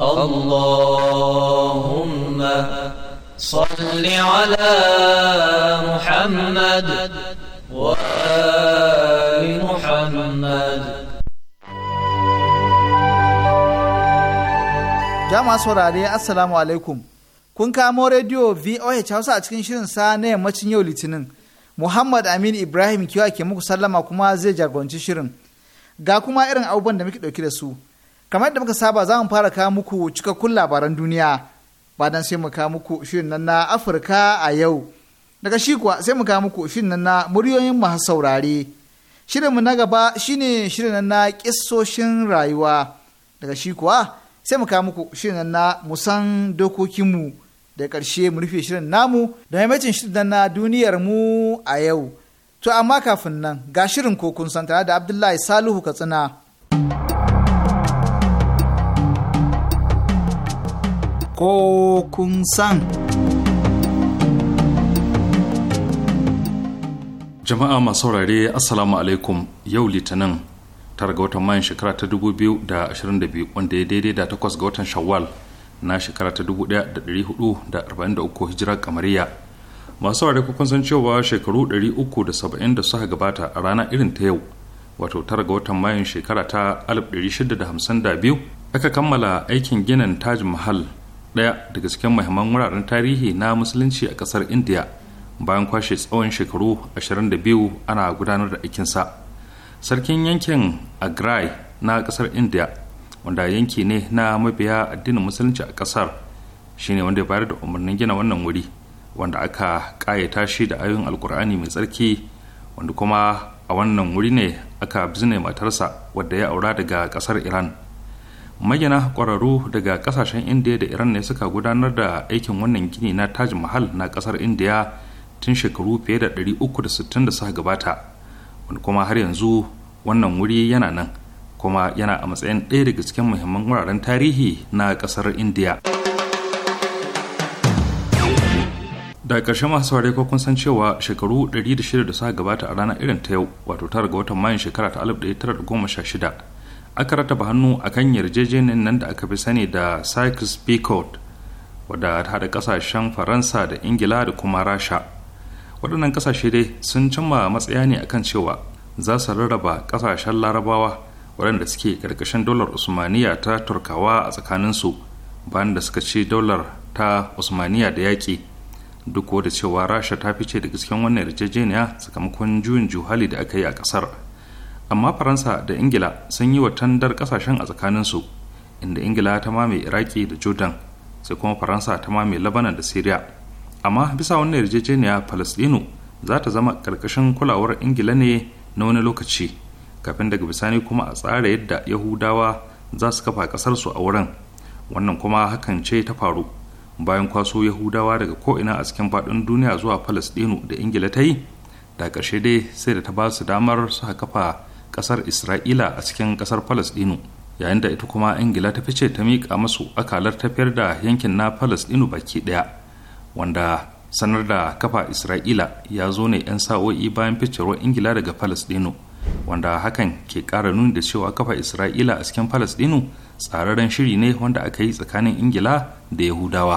اللهم صل على محمد وآل محمد Jama'a saurare Assalamu alaikum. Kun kamo rediyo VOH Hausa a cikin shirin sa na yammacin yau Litinin. Muhammad Amin Ibrahim kiwa ke muku sallama kuma zai jagoranci shirin. Ga kuma irin abubuwan da muke ɗauki da su. kamar da muka saba za mu fara kawo muku cikakkun labaran duniya bayan sai mu kawo muku shirin nan na afirka a yau daga shi kuwa sai mu kawo muku shirin nan na muryoyin masu saurare shirinmu na gaba shine shirin nan na kissoshin rayuwa daga shi kuwa sai mu kawo muku shirin nan na musan dokokinmu da ƙarshe mu rufe shirin namu da maimacin shirin nan na duniyar mu a yau to amma kafin nan ga shirin kokun santana da abdullahi saluhu katsina ko kun san. Jama'a masu saurare Assalamu alaikum yau Litinin tara ga watan mayan shekara ta 2022 wanda ya daidai da takwas ga watan Shawwal na shekara ta 1443 hijira kamariya. Masu saurare kukun san cewa shekaru 370 da suka gabata a rana irin ta yau wato tara ga watan mayan shekara ta 1652 aka kammala aikin ginin taj mahal ɗaya daga cikin muhimman wuraren tarihi na musulunci a ƙasar indiya bayan kwashe tsawon shekaru 22 ana gudanar da aikinsa sarkin yankin agrai na ƙasar indiya wanda yanki ne na mabiya addinin musulunci a ƙasar shine wanda ya bayar da umarnin gina wannan wuri wanda aka ƙayata shi da ayoyin alkur'ani mai tsarki wanda kuma a wannan wuri ne aka bizne matarsa wadda ya aura daga ƙasar iran magina kwararru daga kasashen indiya da iran ne suka gudanar da aikin wannan gini na taj mahal na kasar indiya tun shekaru fiye da 360 da suka gabata wani kuma har yanzu wannan wuri yana nan kuma yana a matsayin ɗaya daga cikin muhimman wuraren tarihi na kasar indiya da ƙarshe masu saurare ko kun san cewa shekaru 106 da suka gabata a ranar irin ta yau wato tara ga watan mayun shekara ta 1916 aka rataba hannu a kan yarjejeniyar nan da aka fi sani da sykes picot wadda haɗa ƙasashen faransa da ingila da kuma rasha waɗannan ƙasashe dai sun cimma matsaya ne akan cewa za su rarraba ƙasashen larabawa waɗanda suke ƙarƙashin dolar usmaniya ta turkawa a tsakaninsu bayan da suka ci dolar ta usmaniya da yaƙi duk da cewa rasha ta fice da gasken wannan yarjejeniya sakamakon juyin juhali da aka yi a ƙasar amma faransa da ingila sun yi wa tandar kasashen a tsakaninsu inda ingila ta mame iraki da jordan sai kuma faransa ta mame labanan da syria amma bisa wannan yarjejeniya palestino za ta zama karkashin kulawar ingila ne na wani lokaci kafin daga bisani kuma a tsara yadda yahudawa za su kafa kasarsu a wurin wannan kuma hakan ce ta faru bayan kwaso yahudawa daga ko'ina a cikin faɗin duniya zuwa palestino da ingila ta yi da ƙarshe dai sai da ta ba su damar su kafa kasar isra'ila a cikin kasar palestino yayin da ita kuma ingila ta fice ta miƙa masu akalar tafiyar da yankin na palestino baki ɗaya wanda sanar da kafa isra'ila ya zo ne 'yan sa'o'i bayan ficewar ingila daga palestino wanda hakan ke ƙara nuni da cewa kafa isra'ila a cikin palestino tsararren shiri ne wanda aka yi tsakanin ingila da yahudawa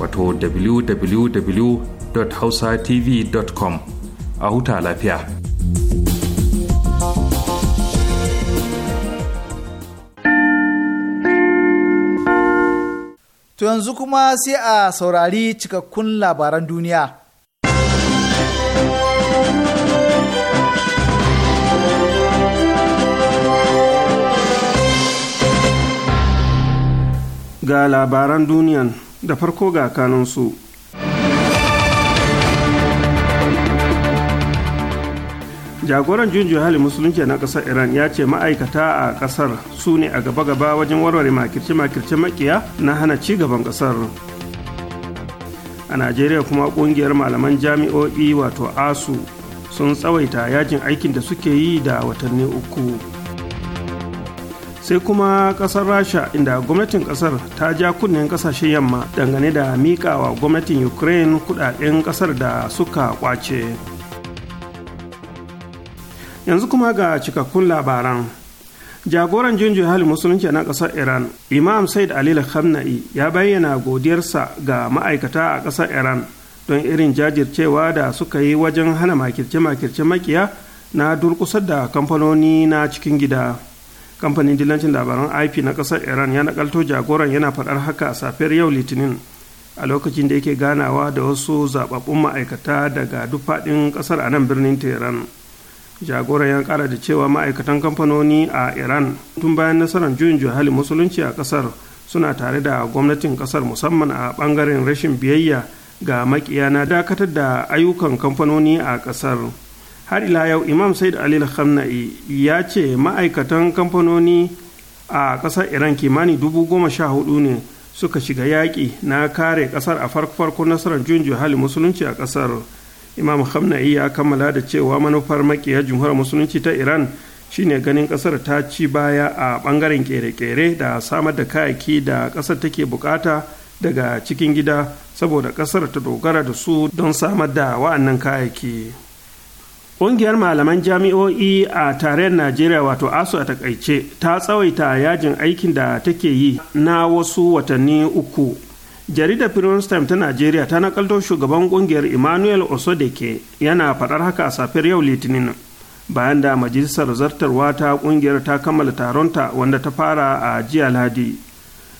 wato www.hausatv.com a huta lafiya. To yanzu kuma sai a saurari cikakkun labaran duniya. Ga labaran duniyan da farko ga kanunsu. jagoran junjiyar hali musulunci na kasar iran ya ce ma'aikata a kasar su ne a gaba-gaba wajen warware makirce-makirce makiya na hana ci gaban kasar a najeriya kuma kungiyar malaman jami'o'i wato asu sun tsawaita yajin aikin da suke yi da watanni uku sai kuma kasar rasha inda gwamnatin kasar ta ja kunnen kasashen yamma dangane da miƙawa gwamnatin ukraine kudaden kasar da suka kwace yanzu kuma ga cikakkun labaran jagoran jinjin hali musulunci na kasar iran imam said ali khamna'i ya bayyana godiyarsa ga ma'aikata a kasar iran don irin jajircewa da suka yi wajen hana makirce-makirce makiya na durkusar da kamfanoni na cikin gida. kamfanin dillancin labaran ip na kasar iran ya nakalto jagoran yana faɗar haka a safiyar yau litinin a lokacin da yake ganawa da wasu zababbun ma'aikata daga duk faɗin kasar a nan birnin tehran jagoran ya kara da cewa ma'aikatan kamfanoni a iran tun bayan nasarar juyin juhali musulunci a kasar suna tare da gwamnatin kasar musamman a ɓangaren rashin biyayya ga makiya na dakatar da ayyukan kamfanoni a kasar. har ila yau imam said alil khamna'i ya ce ma'aikatan kamfanoni a ƙasar iran kimani dubu goma sha hudu ne suka shiga yaƙi na kare ƙasar a farko farko nasarar juyin hali musulunci a ƙasar imam khamna'i ya kammala da cewa manufar makiya jumhuriyar musulunci ta iran shine ganin ƙasar ta ci baya a ɓangaren kere-kere da samar da kayaki da ƙasar take bukata daga cikin gida saboda ƙasar ta dogara da su don samar da wa'annan kayaki. Ƙungiyar malaman jami'o'i a tarayyar Najeriya wato ASU a takaice ta tsawaita yajin aikin da take yi na wasu watanni uku. Jaridar Prince Time ta Najeriya ta nakalto shugaban ƙungiyar Emmanuel Osodeke yana faɗar haka a safiyar yau Litinin. Bayan da majalisar zartarwa ta ƙungiyar ta kammala taronta wanda ta fara a jiya Ladi.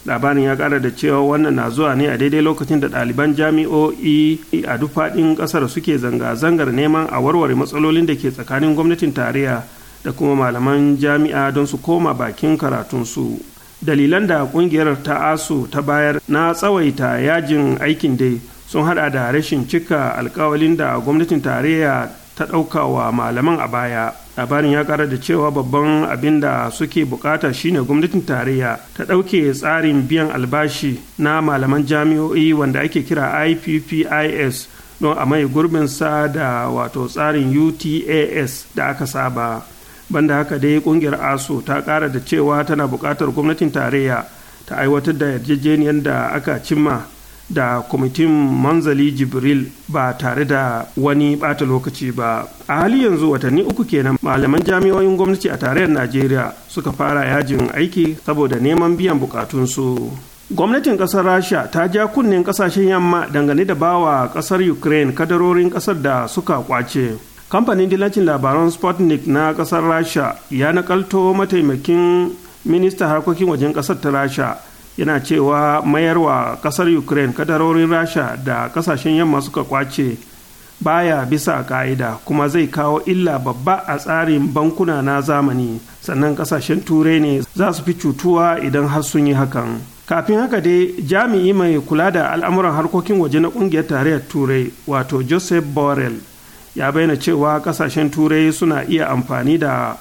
labarin ya kara da cewa wannan na zuwa ne a daidai lokacin da ɗaliban jami'o'i a duk faɗin ƙasar suke zanga-zangar neman a warware matsalolin da ke tsakanin gwamnatin tarayya da kuma malaman jami'a don su koma bakin karatunsu dalilan da ƙungiyar ta asu ta bayar na tsawaita yajin aikin dai sun hada da rashin cika alkawalin da gwamnatin tarayya ta ɗauka wa malaman a baya labarin ya kara da cewa babban abin da suke bukata shine gwamnatin tarayya ta ɗauke tsarin biyan albashi na malaman jami'o'i wanda ake kira ippis don a mai gurbin sa da wato tsarin utas da aka saba banda haka dai kungiyar aso ta kara da cewa tana bukatar gwamnatin tarayya ta aiwatar da yarjejeniyar da aka cimma da kwamitin manzali jibril ba tare da wani bata lokaci ba a hali yanzu watanni uku kenan malaman jami'o'in gwamnati a tarayyar najeriya suka fara yajin aiki saboda neman biyan bukatunsu gwamnatin kasar rasha ta ja kunnen kasashen yamma dangane da bawa kasar ukraine kadarorin kasar da suka kwace kamfanin dillacin labaran sputnik na kasar rasha ya nakalto mataimakin Minista harkokin wajen kasar ta rasha yana cewa mayarwa kasar ukraine kadarorin rasha da kasashen yamma suka kwace baya bisa ka'ida kuma zai kawo illa babba a tsarin bankuna na zamani sannan kasashen turai ne za su fi cutuwa idan har sun yi hakan kafin haka dai jami'i mai kula da al'amuran harkokin waje na kungiyar tarayyar turai wato joseph borrell ya bayyana cewa kasashen turai suna iya amfani da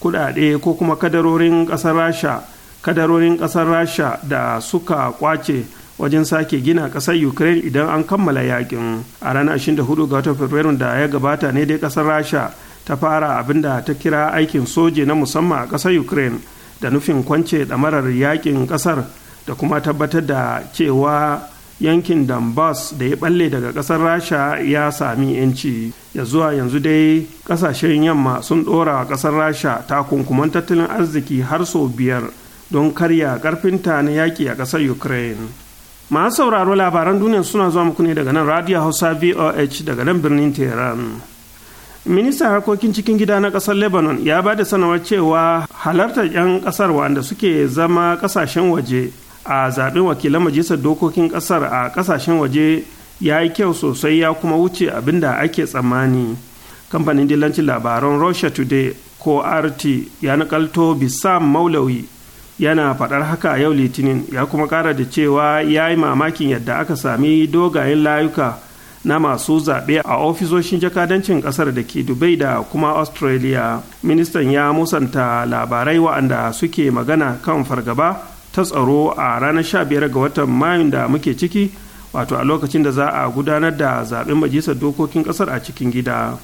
kudade ko kuma kadarorin kasar rasha kadarorin ƙasar rasha da suka kwace wajen sake gina ƙasar ukraine idan an kammala yakin a ranar 24 ga watan fabrairun da ya gabata ne dai ƙasar rasha ta fara abin da ta kira aikin soje na musamman a ƙasar ukraine da nufin kwance ɗamarar yakin ƙasar da kuma tabbatar da cewa yankin donbass da ya balle daga ƙasar rasha ya sami yanci ya zuwa yanzu dai kasashen yamma sun dora ƙasar kasar rasha takunkuman tattalin arziki har sau biyar don karya karfinta na yaƙi a ƙasar ukraine masu sauraro labaran duniya suna zuwa muku ne daga nan radio hausa voh daga nan birnin tehran ministan harkokin cikin gida na ƙasar lebanon ya ba da sanawar cewa halartar 'yan ƙasar wanda suke zama ƙasashen waje a zaɓen wakilan majalisar dokokin ƙasar a ƙasashen waje ya yi kyau sosai ya kuma wuce abin da ake tsammani kamfanin dillancin labaran russia today ko rt ya nakalto bisa maulawi yana faɗar haka a yau litinin ya kuma ƙara da cewa ya yi mamakin yadda aka sami dogayen layuka na masu zaɓe a ofisoshin jakadancin ƙasar da ke dubai da kuma australia ministan ya musanta labarai wa'anda suke magana kan fargaba ta tsaro a ranar 15 ga watan mayun da muke ciki wato a lokacin da za a gudanar da zaɓen majalisar dokokin ƙasar a cikin gida.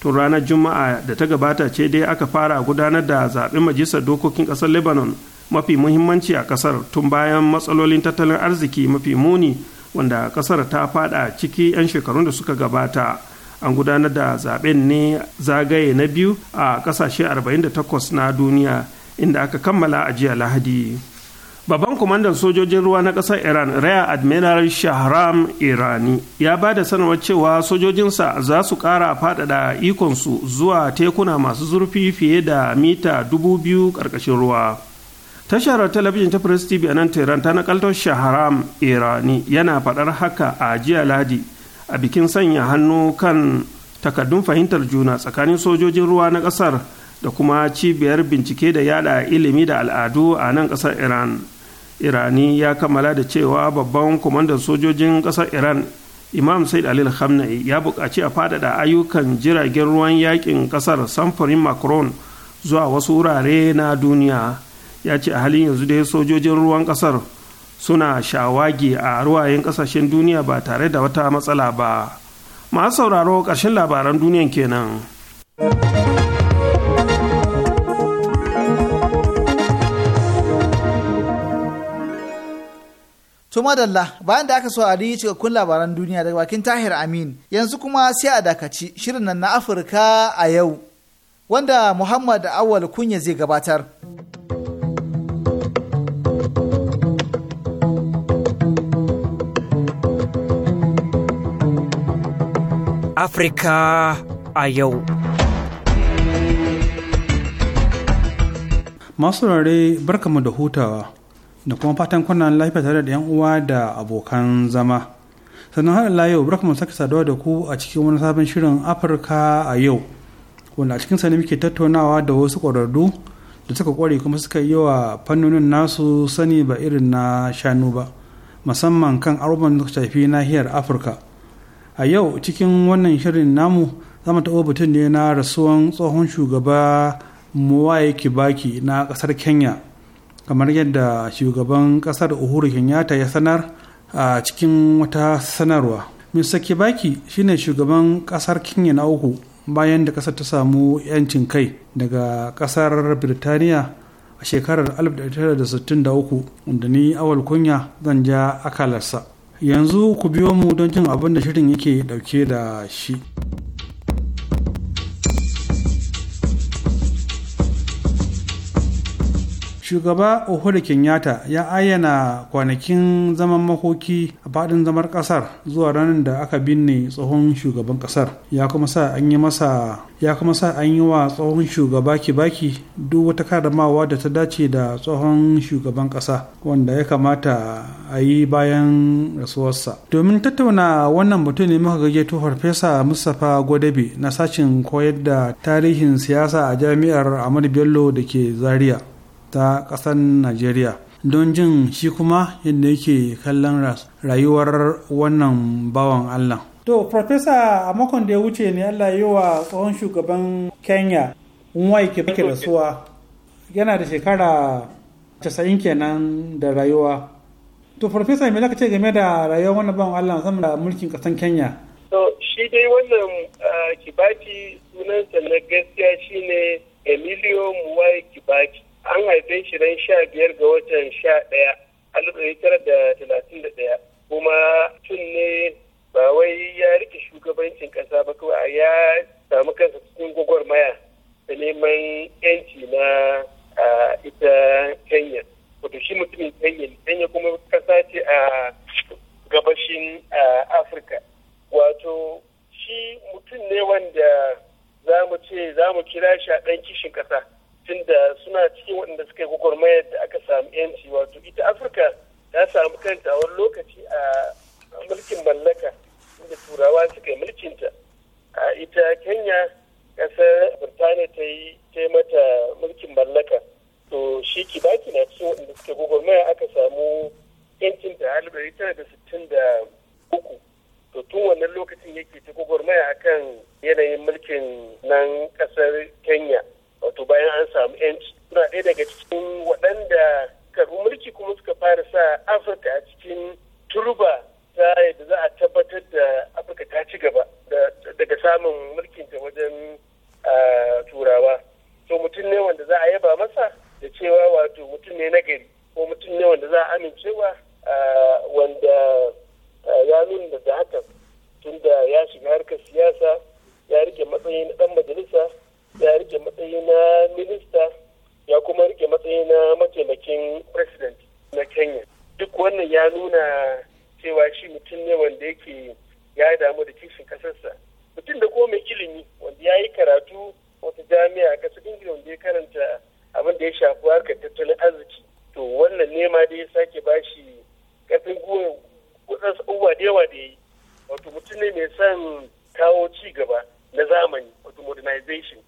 tun ranar juma'a da ta gabata ce dai aka fara gudanar da zaɓen majalisar dokokin ƙasar lebanon mafi muhimmanci a kasar tun bayan matsalolin tattalin arziki mafi muni wanda kasar ta fada ciki 'yan shekarun da suka gabata an gudanar da zaben ne zagaye na biyu a kasashe 48 na duniya inda aka kammala a jiya lahadi babban kwamandan sojojin ruwa na kasar iran rear admiral shahram irani ya ba da sanarwar cewa sojojinsa za su kara faɗaɗa ikonsu zuwa tekuna masu zurfi fiye da mita 2000 karkashin ruwa tashar talabijin ta press tv a nan tehran ta nakaltar shaharam irani yana faɗar haka a jiya ladi a bikin sanya hannu kan takaddun fahimtar juna tsakanin sojojin ruwa na ƙasar da kuma cibiyar bincike da yada ilimi da al'adu a nan ƙasar iran irani ya kammala da cewa babban kwamandan sojojin ƙasar iran imam said alil khamnai ya buƙaci a faɗaɗa ayyukan jiragen ruwan yakin ƙasar samfurin macron zuwa wasu wurare na duniya ya ce a halin yanzu dai sojojin ruwan kasar suna shawagi a ruwayen kasashen duniya ba tare da wata matsala ba masu sauraro ƙarshen labaran duniyan kenan. To madalla bayan da aka saurari cikakkun labaran duniya daga bakin Tahir Amin yanzu kuma sai a dakaci shirin nan na Afirka a yau wanda Muhammad Awal Kunya zai gabatar. Afirka a yau. Masu rare barkamu da hutawa da kuma fatan kuna lafiya tare da 'yan uwa da abokan zama. Sannan har ila yau barkamu sake saduwa da ku a cikin wani sabon shirin Afirka a yau. Wanda a cikin ne muke tattaunawa da wasu ƙwararru da suka ƙware kuma suka yi wa fannonin nasu sani ba irin na shanu ba. Musamman kan abubuwan da shafi nahiyar Afirka. a yau cikin wannan shirin namu zama taɓo batun ne na rasuwan tsohon shugaba muwaye kibaki na ƙasar kenya kamar yadda shugaban ƙasar uhuru kenyatta ya sanar a cikin wata sanarwa mr kibaki shine shugaban ƙasar kenya na uku bayan da ƙasar ta samu 'yancin kai daga ƙasar birtaniya a shekarar 1963 da ni awal kunya zan ja akalarsa yanzu ku biyo mu don jin abin da shirin yake dauke da shi shugaba ohuri kenyatta ya ayyana kwanakin zaman makoki a faɗin zamar ƙasar zuwa ranar da aka binne tsohon shugaban ƙasar ya kuma sa an yi masa ya kuma sa an yi wa tsohon shugaba ki baki duk wata karamawa da ta dace da tsohon shugaban ƙasa wanda ya kamata a yi bayan rasuwarsa domin tattauna wannan mutum ne muka gaje farfesa mustapha gwadabe na sashin koyar da tarihin siyasa a jami'ar ahmadu bello da ke zaria ta ƙasar najeriya don jin shi kuma yadda yake kallon rayuwar wannan bawan allah to profesa a makon da ya wuce ne allah yi wa tsohon shugaban kenya nwai kibake da suwa yana da shekara 90 kenan da rayuwa to Profesa, me zaka ce game da rayuwar wannan bawan allah musamman da mulkin kasan kenya to shi dai wannan kibaki sunansa na gaskiya shine emilio muwai kibaki an haife shi ran sha biyar ga watan sha ɗaya a lokacin tara da talatin da ɗaya kuma tun ne ba wai ya rike shugabancin ƙasa ba kawai ya samu kansa cikin gwagwarmaya da neman yanci na ita kenya wato shi mutumin kenya kenya kuma ƙasa ce a gabashin afirka wato shi mutum ne wanda za mu ce za mu kira shi a ɗan kishin ƙasa da suna cikin waɗanda suka yi gwagwarmayar da aka samu yanci wato ita afirka ta samu kanta wani lokaci a mulkin mallaka inda turawa suka yi mulkinta a ita kenya ƙasar birtaniya ta yi mata mulkin mallaka to shi kibaki na cikin waɗanda suka yi gwagwarmaya aka samu yancin da halibari tana da sittin da uku to tun wannan lokacin yake ta gwagwarmaya akan yanayin mulkin nan ƙasar kenya wato bayan an samu yanci suna ɗaya daga cikin waɗanda karɓi mulki kuma suka fara sa afirka a cikin turba ta yadda za a tabbatar da afirka ta ci gaba daga samun mulkin ta wajen turawa to mutum ne wanda za a yaba masa da cewa wato mutum ne na gari ko mutum ne wanda za a amincewa wanda ya nuna da hakan tunda ya shiga harkar siyasa ya rike matsayin ɗan majalisa ya rike matsayi na minista ya kuma rike matsayi na mataimakin president na kenya duk wannan ya nuna cewa shi mutum ne wanda yake ya damu da kishin kasarsa mutum da kuma mai ilimi wanda ya yi karatu wata jami'a a kasar ingila wanda ya karanta abin da ya shafi harkar tattalin arziki to wannan nema da ya sake bashi karfin gwiwa wadansu abubuwa da yawa da ya yi wato mutum ne mai son kawo ci gaba na zamani wato modernization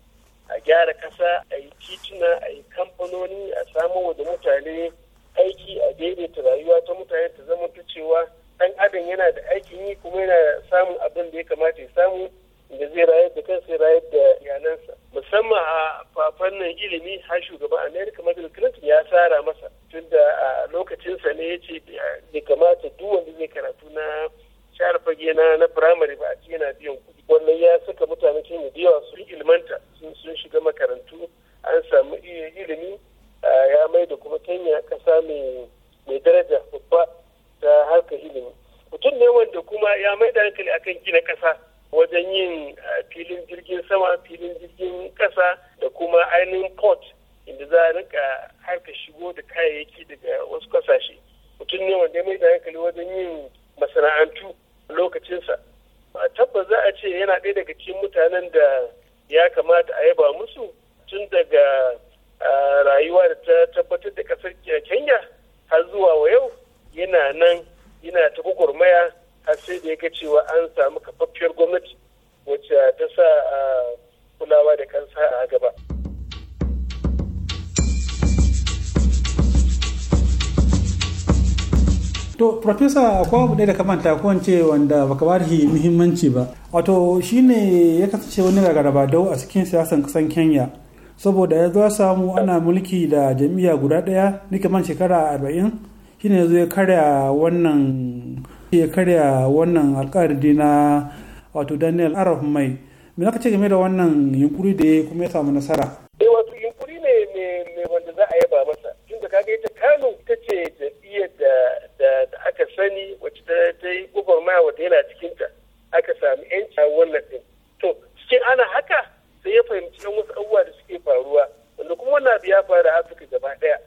a gyara kasa a yi tituna a yi kamfanoni a samu da mutane aiki a daidaita rayuwa ta mutane ta zama ta cewa ɗan adam yana da aikin yi kuma yana samun abin da ya kamata ya samu da zai rayar da kansa rayar da iyalansa musamman a fafannan ilimi har shugaban america madal clinton ya tsara masa tunda a lokacinsa ne ya ce bai kamata duk wanda zai karatu na share fage na na firamare ba a ce yana biyan kuɗi wannan ya saka mutane cikin da yawa sun ilmanta sun shiga makarantu an samu iya ilimi ya mai da kuma kenya kasa mai daraja babba ta harkar ilimi mutum ne wanda kuma ya mai da hankali akan gina kasa wajen yin filin jirgin sama filin jirgin kasa da kuma ainihin port inda za a rika harka shigo da kayayyaki daga wasu kasashe mutum ne wanda ya mai da hankali wajen yin masana'antu lokacinsa tabbas za a ce yana ɗaya daga cikin mutanen da ya kamata a yaba musu tun daga rayuwa da ta tabbatar da ƙasar kenya har zuwa wa yau yana nan yana ta gwagwarmaya har sai da ya ga cewa an samu kafaffiyar gwamnati wacce ta sa kulawa da kansa a gaba. to profesa akwai abu ne da ka manta ko ce wanda baka ba da muhimmanci ba wato shine ya kasance wani ragaraba dau a cikin siyasan kasan kenya saboda ya zo samu ana mulki da jami'a guda daya ni kamar shekara arba'in shine ya zo ya karya wannan ya karya wannan alkari na wato daniel arab mai me zaka ce game da wannan yunkuri da ya kuma ya samu nasara eh, wato yunkuri ne wanda za a yaba masa tunda kaga ita kano ita ce jam'iyyar da sani wacce ta yi gwagwarmaya wata yana cikinta aka sami yanci a wannan din to cikin ana haka sai ya fahimci yan wasu abubuwa da suke faruwa wanda kuma wannan abu ya faru afirka gaba daya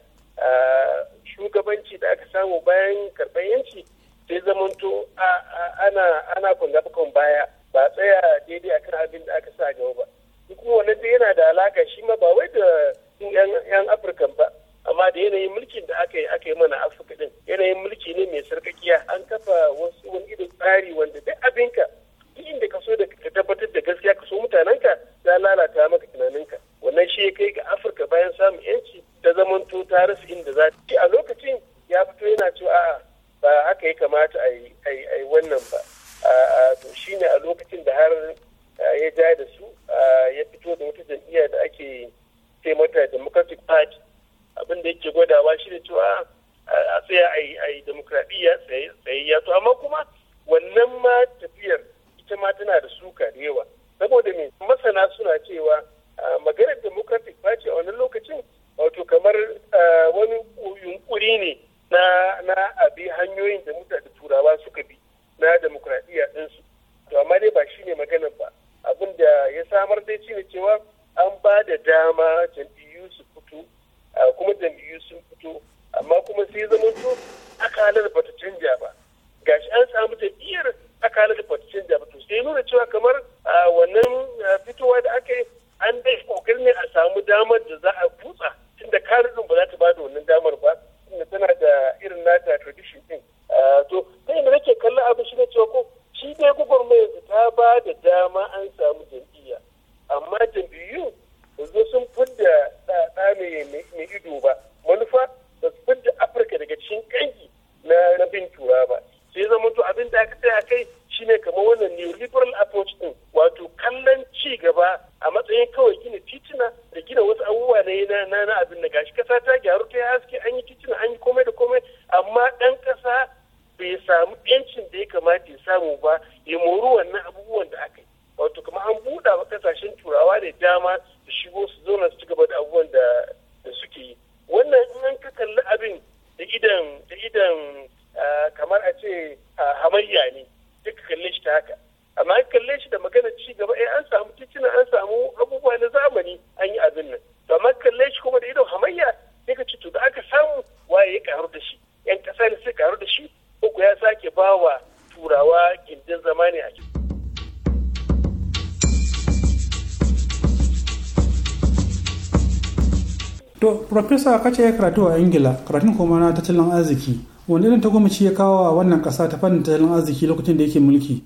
shugabanci da aka samu bayan karɓar yanci sai zamanto ana ana kwangafakon baya ba tsaya daidai akan abin da aka sa gaba ba kuma wannan dai yana da alaka shi ma ba wai da yan afirka ba amma da yanayin mulkin da aka yi aka yi mana afirka din yanayin mulki ne mai sarkakiya an kafa wasu wani irin tsari wanda duk abinka duk inda ka so da ka tabbatar da gaskiya ka so mutanenka ya lalata maka tunaninka wannan shi ya kai ga afirka bayan samun yanci ta zamanto ta rasa inda za ta a lokacin ya fito yana cewa a'a ba haka ya kamata a yi wannan ba to ne a lokacin da har ya ja da su ya fito da wata jam'iyya da ake sai mata democratic party abin da yake gwadawa shi da cewa a tsaya a yi demokradiyya tsayayya to amma kuma wannan ma tafiyar ita ma tana da suka da yawa saboda me masana suna cewa maganar democratic party a wannan lokacin wato kamar wani yunkuri ne na abi hanyoyin da mutane turawa suka bi na demokradiyya ɗinsu to amma dai ba shi ne maganar ba abin da ya samar dai shine cewa an ba da dama jam'iyyu Ah, kuma jam'iyyu sun fito amma kuma sai zamanto akalar bata canja ba gashi an samu jam'iyyar akalar bata canja ba to sai nuna cewa kamar ah, wannan ah, fitowa da aka yi an dai kokarin ne a samu damar da za a kutsa tunda karin ba za ta bada wannan damar ba tunda tana da irin nata tradition din to sai da nake kalla abin shi ne cewa ko shi dai gwagwarmayar ta ba da dama an samu jam'iyya amma jam'iyyu yanzu sun fidda ɗa mai ido ba manufa ba su fidda afirka daga cikin ƙangi na bin tura ba sai zama to abin da aka ce ya karatu a ingila karatun kuma na tattalin arziki wanda irin tagomaci ya kawo a wannan kasa ta fannin tattalin arziki lokacin da yake mulki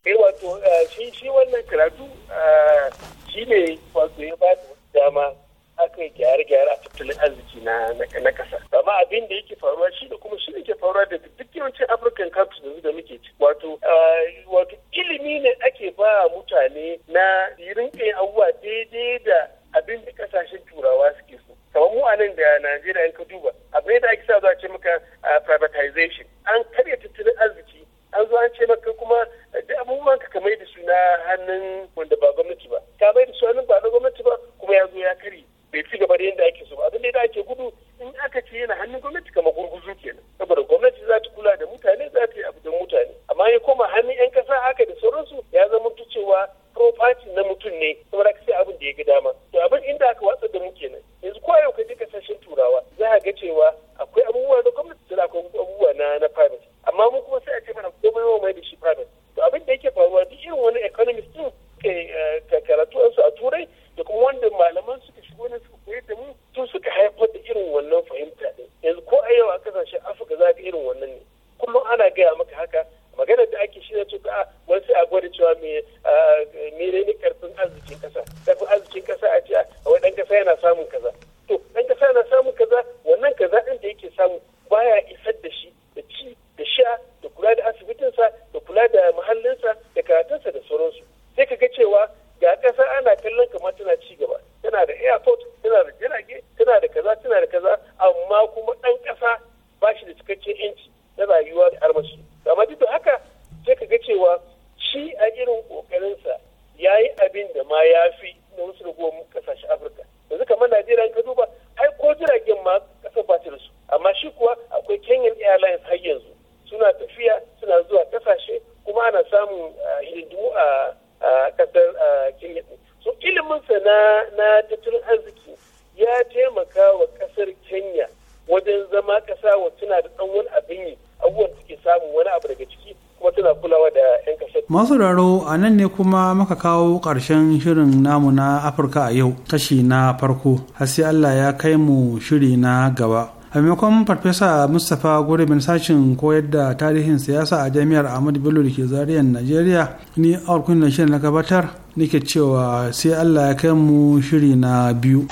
nan ne kuma muka kawo ƙarshen shirin namu na afirka a yau kashi na farko har sai allah ya kai mu shiri na gaba a maimakon farfesa mustapha gure bin sashin koyar da tarihin siyasa a jami'ar ahmadu bello da ke zariyar najeriya ni a da shirin na gabatar nake cewa sai allah ya kai mu shiri na biyu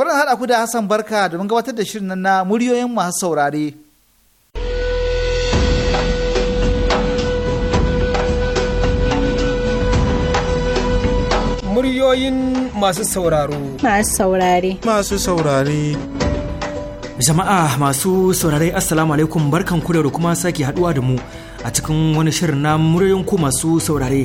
bari haɗa ku da Hassan Barka domin gabatar da shirin na muryoyin masu saurare. Muryoyin masu sauraro. Masu saurare. Masu saurare. Jama'a masu saurare Assalamu alaikum barkan ku da kuma sake haɗuwa da mu a cikin wani shirin na muryoyin ku masu saurare.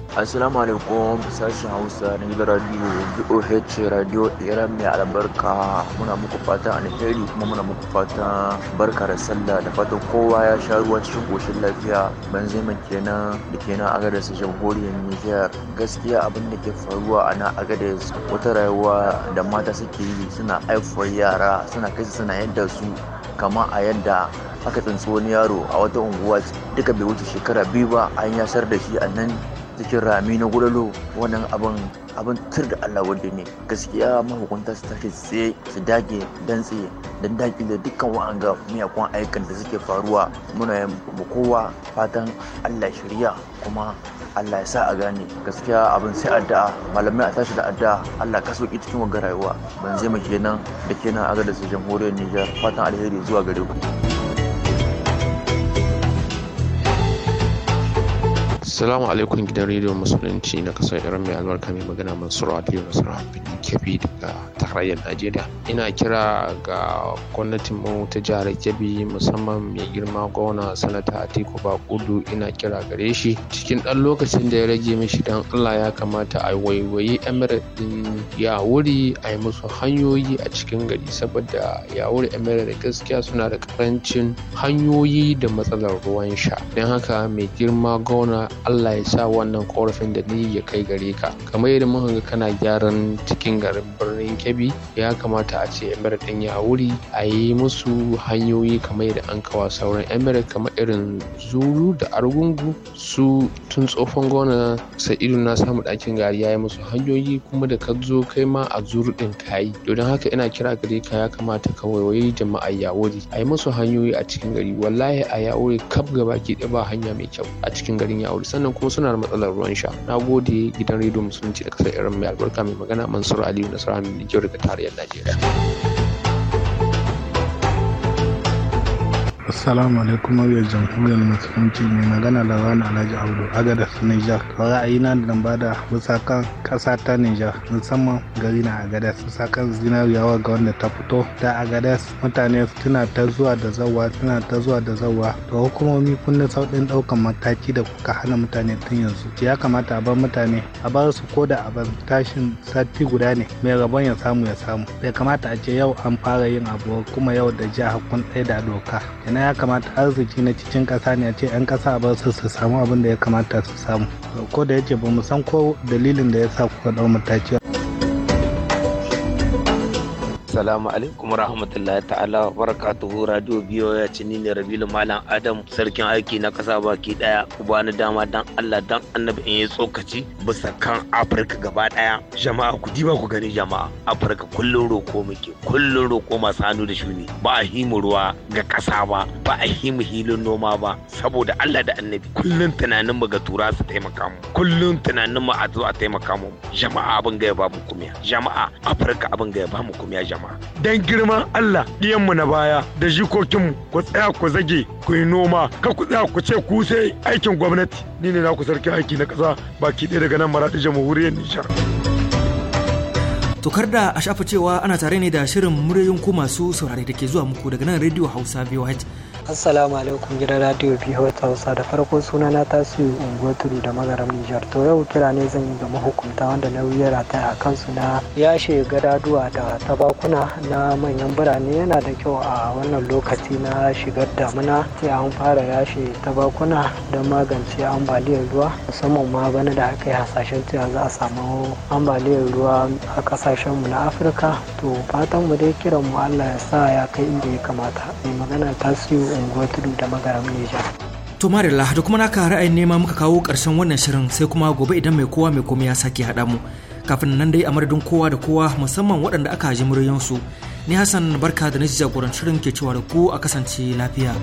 Assalamu alaikum sashen Hausa na gidan radio VOH radio Iran mai albarka muna muku fatan alheri kuma muna muku fatan barka da sallah da fatan kowa ya sha ruwa cikin koshin lafiya benzema kenan da kenan agadez jamhuriyar Nijar gaskiya abin da ke faruwa a nan agadez wata rayuwa da mata suke yi suna haifuwar yara suna kai suna yadda su kamar a yadda aka tsinci wani yaro a wata unguwa duka bai wuce shekara biyu ba an yasar da shi a nan cikin rami na gudalo wannan abin abin tur da Allah wanda ne gaskiya mahukunta su tafi tsaye su dage dantse daki da dukkan wa'anga miyakun aikin da suke faruwa muna yin kowa fatan Allah shirya kuma Allah ya sa a gane gaskiya abin sai addu'a malamai a tashi da addu'a Allah ka sauki cikin wagga rayuwa ban zai mu kenan da kenan a ga da su jamhuriyar Nijar fatan alheri zuwa gare ku. Assalamu alaikum gidan rediyon musulunci na kasar Iran mai albarka mai magana Mansur Aliyu Nasara Bin Kebi daga tarayyar najeriya ina kira ga gwamnatinmu ta jihar kebbi musamman mai girma gwamna sanata atiku bakudu ina kira gare shi cikin ɗan lokacin da ya rage mishi dan allah ya kamata a waiwayi emir din yawuri a yi musu hanyoyi a cikin gari saboda yawuri da gaskiya suna da karancin hanyoyi da matsalar ruwan sha don haka mai girma gwamna allah ya sa wannan korafin da ni ya kai gare ka kamar yadda muka ga kana gyaran cikin garin birnin kebbi kebbi ya kamata a ce emirate ɗin ya wuri a yi musu hanyoyi kamar yadda an kawa sauran emirate kamar irin zuru da argungu su tun tsohon gona sa'idu na samu ɗakin gari ya yi musu hanyoyi kuma da ka zo kai ma a zuru ɗin ka yi don haka ina kira gare ka ya kamata ka wayoyi jama'a ya wuri a yi musu hanyoyi a cikin gari wallahi a ya wuri kaf gaba ki ba hanya mai kyau a cikin garin ya wuri sannan kuma suna da matsalar ruwan sha na gode gidan rediyo musulunci da kasar irin mai albarka mai magana mansur aliyu nasara mai Yuri Kataria, Nigeria. assalamu alaikum mawuyar jamhuriyar musulunci mai magana da wani alhaji abdu aga da su nijar ra'ayina da ba da kan kasa ta nijar musamman gari na agadas kan zinariyawa ga wanda ta fito ta agadas mutane suna ta zuwa da zawa suna ta zuwa da zawa da hukumomi kun kunna sauɗin ɗaukan mataki da kuka hana mutane tun yanzu ya kamata a bar mutane a bar su ko da a bar tashin sati guda ne mai rabon ya samu ya samu bai kamata a ce yau an fara yin abu kuma yau da jiha kun ɗaya da doka ina ya kamata arziki na cikin kasa ne a ce 'yan kasa ba su su samu abin da ya kamata su samu ko da yake ba mu san ko dalilin da ya sa kuka ɗau mataki Assalamu alaikum rahmatullahi ta'ala wa barakatuhu radio biyo ya ci ni ne Rabilu Malam Adam sarkin aiki na kasa baki daya ba ni dama dan Allah dan annabi in yi tsokaci bisa kan Afirka gaba daya jama'a ku diba ku gani jama'a Afirka kullun roko muke kullun roko masu hannu da shuni ba a himu ruwa ga kasa ba ba a himu hilin noma ba saboda Allah da annabi kullun tunanin mu ga tura su taimaka mu kullun tunanin mu a zo a taimaka mu jama'a abin ga ya ba mu kumiya jama'a Afirka abin ga ya ba mu kumiya jama'a dama dan girman Allah ɗiyanmu na baya da jikokinmu ku tsaya ku zage ku yi noma ka ku tsaya ku ce ku sai aikin gwamnati ni ne na ku sarki aiki na ƙasa baki ɗaya daga nan maraɗi jamhuriyar Nijar. Tokar da a shafa cewa ana tare ne da shirin muryoyin ku masu saurare da ke zuwa muku daga nan Radio Hausa VOH assalamu alaikum gidan radio bihot hausa da farko suna na tasiri unguwaturu da magaram nijar to yau kira ne zan yi ga mahukunta wanda nauyi rata a kansu na yashe gadaduwa da tabakuna na manyan birane yana da kyau a wannan lokaci na shigar damuna sai an fara yashe tabakuna don magance ambaliyar ruwa musamman ma bana da aka yi hasashen cewa za a samu ambaliyar ruwa a kasashenmu na afirka to fatan mu dai kiran mu allah ya sa ya kai inda ya kamata mai magana tasiri unguwar tudu da magaram Neja. To Marilla da kuma naka ra'ayin nema muka kawo ƙarshen wannan shirin sai kuma gobe idan mai kowa mai komai ya sake haɗa mu. Kafin nan dai a madadin kowa da kowa musamman waɗanda aka ji muryansu. Ni Hassan barka da na jagoran shirin ke cewa da ku a kasance lafiya.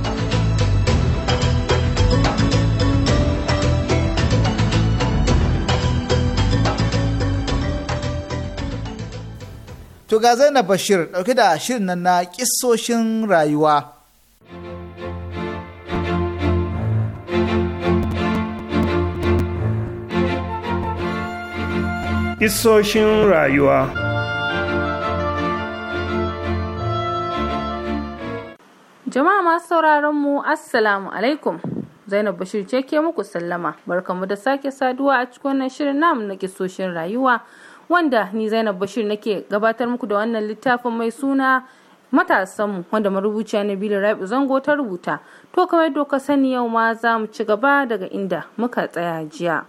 To ga Zainab Bashir ɗauke da shirin nan na kissoshin rayuwa. Isoshin rayuwa Jama'a masu sauraron mu Assalamu alaikum Zainab Bashir ce ke muku sallama barkamu da sake saduwa a cikin wannan shirin namu na kisoshin rayuwa wanda ni Zainab Bashir nake gabatar muku da wannan littafin mai suna matasanmu wanda marubuciya Nabila Rabi Zango ta rubuta to kamar doka sani yau ma za mu ci gaba daga inda muka tsaya jiya.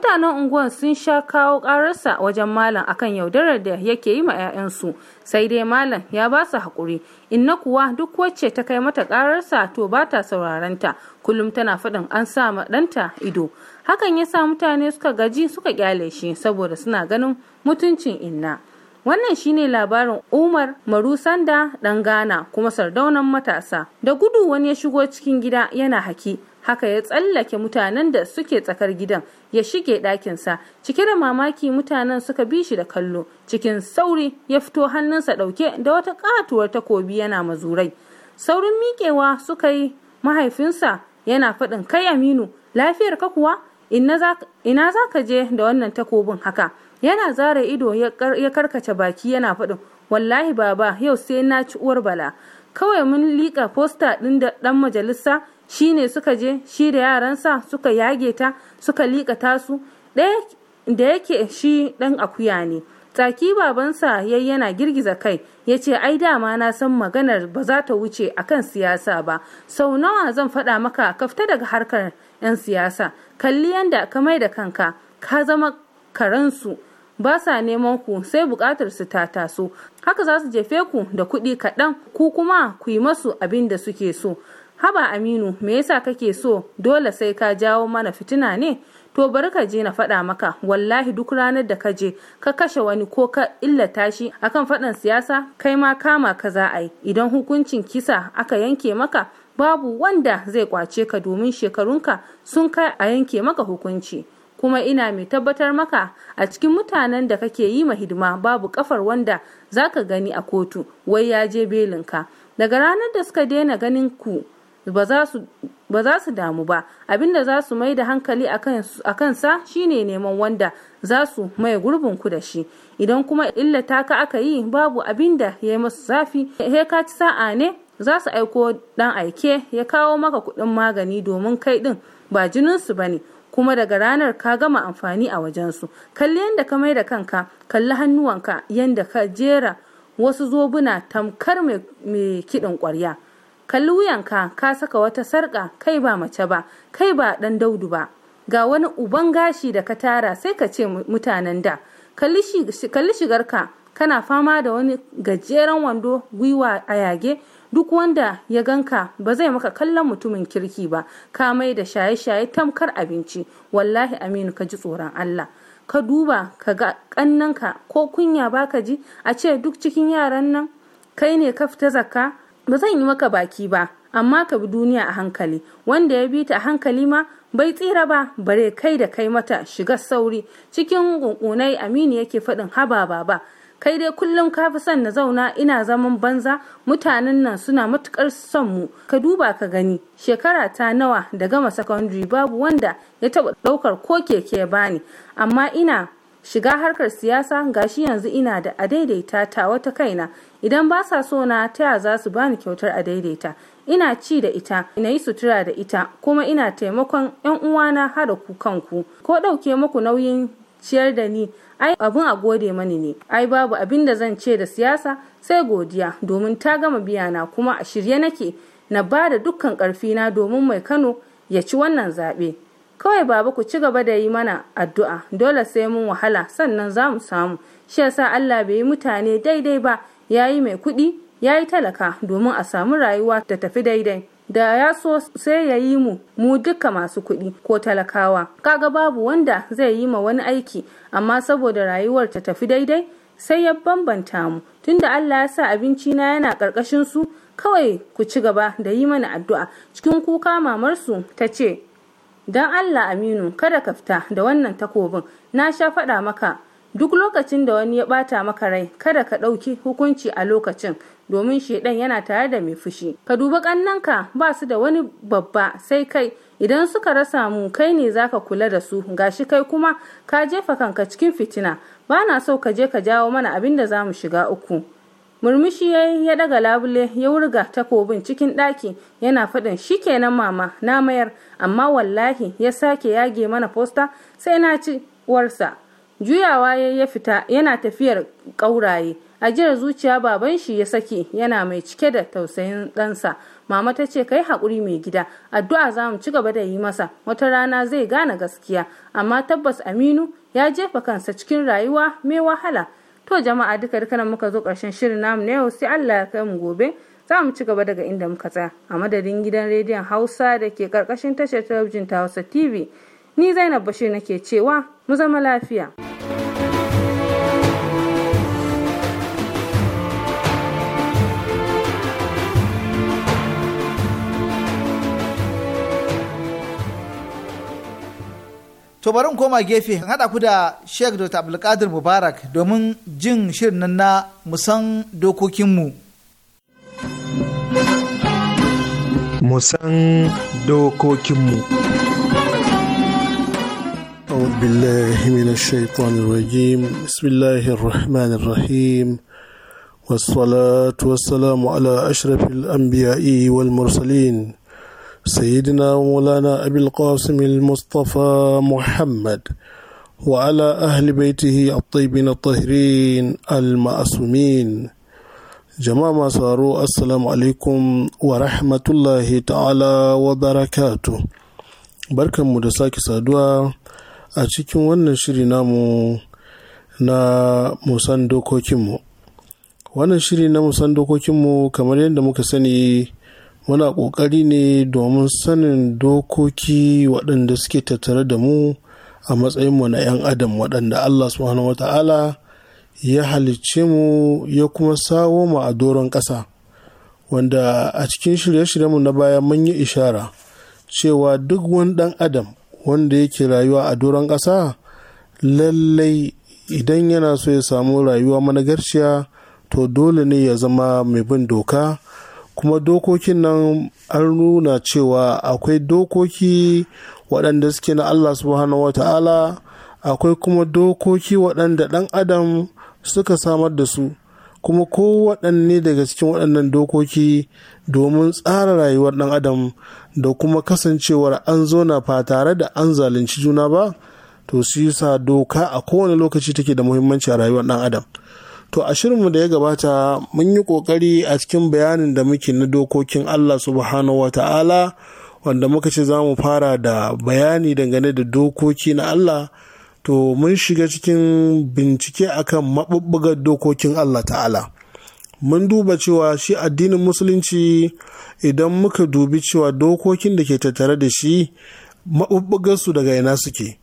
mutanen unguwar sun sha kawo ƙararsa wajen malam akan yaudarar da yake yi ma 'ya'yansu sai dai malam ya ba su haƙuri inna kuwa duk wacce ta kai mata ƙararsa to ba ta saurarenta kullum tana faɗin an sa ma ɗanta ido hakan ya sa mutane suka gaji suka kyale shi saboda suna ganin mutuncin inna wannan shine labarin umar marusanda ɗan ghana kuma sardaunan matasa da gudu wani ya shigo cikin gida yana haki haka ya tsallake mutanen da suke tsakar gidan ya shige ɗakinsa cike da mamaki mutanen suka bi shi da kallo cikin sauri ya fito hannunsa ɗauke da wata ƙatuwar takobi yana mazurai saurin miƙewa suka yi mahaifinsa yana faɗin kai aminu lafiyar ka kuwa ina za ka je da wannan takobin haka yana zara ido ya karkace baki yana faɗin wallahi baba yau sai na ci uwar bala kawai mun liƙa fosta ɗin da ɗan majalisa shi ne suka je shi da yaransa suka yage ta suka likata su ɗaya da yake shi ɗan akuya ne tsaki babansa ya yana girgiza kai ya ce ai dama na san maganar ba za ta wuce akan siyasa ba sau nawa zan faɗa maka kafta daga harkar 'yan siyasa kalli yanda ka mai da kanka ka zama karansu ba sa neman ku sai buƙatar su ta taso haka za su jefe ku da kuɗi kaɗan ku kuma ku yi masu abin da suke so haba aminu me yasa kake so dole sai ka jawo mana fitina ne to bari ka je na faɗa maka wallahi duk ranar da ka je ka kashe wani ko ka illata shi akan faɗan siyasa kai ma kama ka za a yi idan hukuncin kisa aka yanke maka babu wanda zai kwace ka domin shekarunka sun kai a yanke maka hukunci kuma ina mai tabbatar maka a cikin mutanen da kake yi ma hidima babu kafar wanda zaka gani a kotu wai ya je belinka daga ranar da suka daina ganin ku ba za su damu ba abinda za su mai da hankali a kansa shine neman wanda za su mai gurbin ku da shi idan kuma illata ka aka yi babu abinda ya yi masu zafi he ka ci sa'a ne za su aiko dan aike ya kawo maka kuɗin magani domin kai ɗin ba jininsu ba ne kuma daga ranar ka gama amfani a wajensu kalli yadda ka mai da kanka kalli hannuwanka yadda ka jera wasu zobuna tamkar mai kiɗin ƙwarya kalli wuyanka ka saka wata sarƙa kai ba mace ba kai ba ɗan daudu ba ga wani uban gashi da ka tara sai ka ce mutanen da kalli ka kana fama da wani gajeren wando gwiwa a yage duk wanda ya ganka ba zai maka kallon mutumin kirki ba ka mai da shaye-shaye tamkar abinci wallahi aminu ka ji tsoron allah ka duba ka ga kannanka ko kunya baka ji a ce duk cikin yaran nan kai ne ka fita zakka ba zan yi maka baki ba amma ka bi duniya a hankali wanda ya bi ta a hankali ma bai tsira ba bare kai da kai mata shiga sauri cikin kunkunai aminu yake faɗin haba ba. kai dai kullum ka fi son na zauna ina zaman banza mutanen nan suna matukar son mu ka duba ka gani shekara ta nawa da gama secondary babu wanda ya taɓa ɗaukar ko keke bani amma ina shiga harkar siyasa gashi yanzu ina da adaidaita ta wata kaina idan ba sa so na taya za su bani kyautar a daidaita ina ci da ita ina yi sutura da ita kuma ina taimakon yan uwana hada ku kanku ko ɗauke muku nauyin ciyar da ni ai abin a gode mani ne ai babu abin da zan ce da siyasa sai godiya domin ta gama biya na kuma a shirye nake na ba da dukkan karfi na domin mai kano ya ci wannan zaɓe kawai baba ku ci gaba da yi mana addu'a dole sai mun wahala sannan za mu samu shi yasa allah bai yi mutane daidai ba ya yi mai kuɗi ya yi talaka domin a samu rayuwa ta tafi daidai da ya so sai ya yi mu mu duka masu kuɗi ko talakawa kaga babu wanda zai yi ma wani aiki amma saboda rayuwar ta tafi daidai sai ya bambanta mu tunda Allah ya sa abinci na yana ƙarƙashin su kawai ku ci gaba da yi mana addu'a cikin kuka mamarsu ta ce don Allah Aminu kada ka fita da wannan takobin na sha faɗa maka duk lokacin da wani ya bata maka rai kada ka ɗauki hukunci a lokacin domin shedan yana tare da mai fushi ka duba kannanka ba su da wani babba sai kai idan suka rasa mu kai ne zaka kula da su gashi kai kuma ka jefa kanka cikin fitina ba na so ka je ka jawo mana abin da za mu shiga uku murmushi ya ya daga labule ya wurga takobin cikin ɗaki yana faɗin shikenan mama na mayar amma wallahi ya sake yage mana fosta sai na ci uwarsa juyawa ya ya fita yana tafiyar ƙauraye ajiyar zuciya baban shi ya sake yana mai cike da tausayin ɗansa mama ta ce kai haƙuri mai gida addu'a za mu ci gaba da yi masa wata rana zai gane gaskiya amma tabbas aminu ya jefa kansa cikin rayuwa mai wahala to jama'a duka duka muka zo karshen shirin namu na yau sai allah ya kai mu gobe za mu ci gaba daga inda muka tsaya a madadin gidan rediyon hausa da ke karkashin tashar talabijin ta hausa tv ni zainab bashir nake cewa mu zama lafiya To bari koma gefe in haɗa ku da Sheikh Dr. Abdulkadir Mubarak domin jin shirin nan na musan dokokinmu. Musan dokokinmu. أعوذ بالله من الشيطان الرجيم بسم الله الرحمن الرحيم والصلاة والسلام على أشرف الأنبياء والمرسلين سيدنا مولانا أبي القاسم المصطفى محمد وعلى أهل بيته الطيبين الطاهرين المعصومين جماعة صاروا السلام عليكم ورحمة الله تعالى وبركاته بركة مدساك sake a cikin wannan shiri namu na musan dokokinmu wannan shiri na musan dokokinmu kamar yadda muka sani muna ƙoƙari ne domin sanin dokoki waɗanda suke tattare da mu a matsayinmu na 'yan adam waɗanda allah subhanahu wata'ala ya halicce mu ya kuma sawo mu a doron ƙasa wanda a cikin shirye-shiryenmu na baya mun yi ishara cewa duk wani ɗan adam wanda yake rayuwa a doron ƙasa lallai idan yana so ya samu rayuwa managarciya to dole ne ya zama mai bin doka kuma dokokin nan an nuna cewa akwai dokoki waɗanda suke na allah subhanahu wata'ala akwai kuma dokoki waɗanda ɗan adam suka samar da su kuma ko waɗanne daga cikin waɗannan dokoki domin tsara rayuwar ɗan adam da kuma kasancewar an zona fa tare da an zalunci juna ba to su yi sa doka a kowane lokaci take da muhimmanci a rayuwar dan adam to a shirinmu da ya gabata mun yi kokari a cikin bayanin da muke na dokokin allah subhanahu wa ta'ala wanda muka ce za mu fara da bayani dangane da dokoki na allah to mun shiga cikin bincike akan maɓuɓɓugar dokokin allah ta'ala mun duba cewa shi addinin musulunci idan muka dubi cewa dokokin da ke tattare da shi su daga ina suke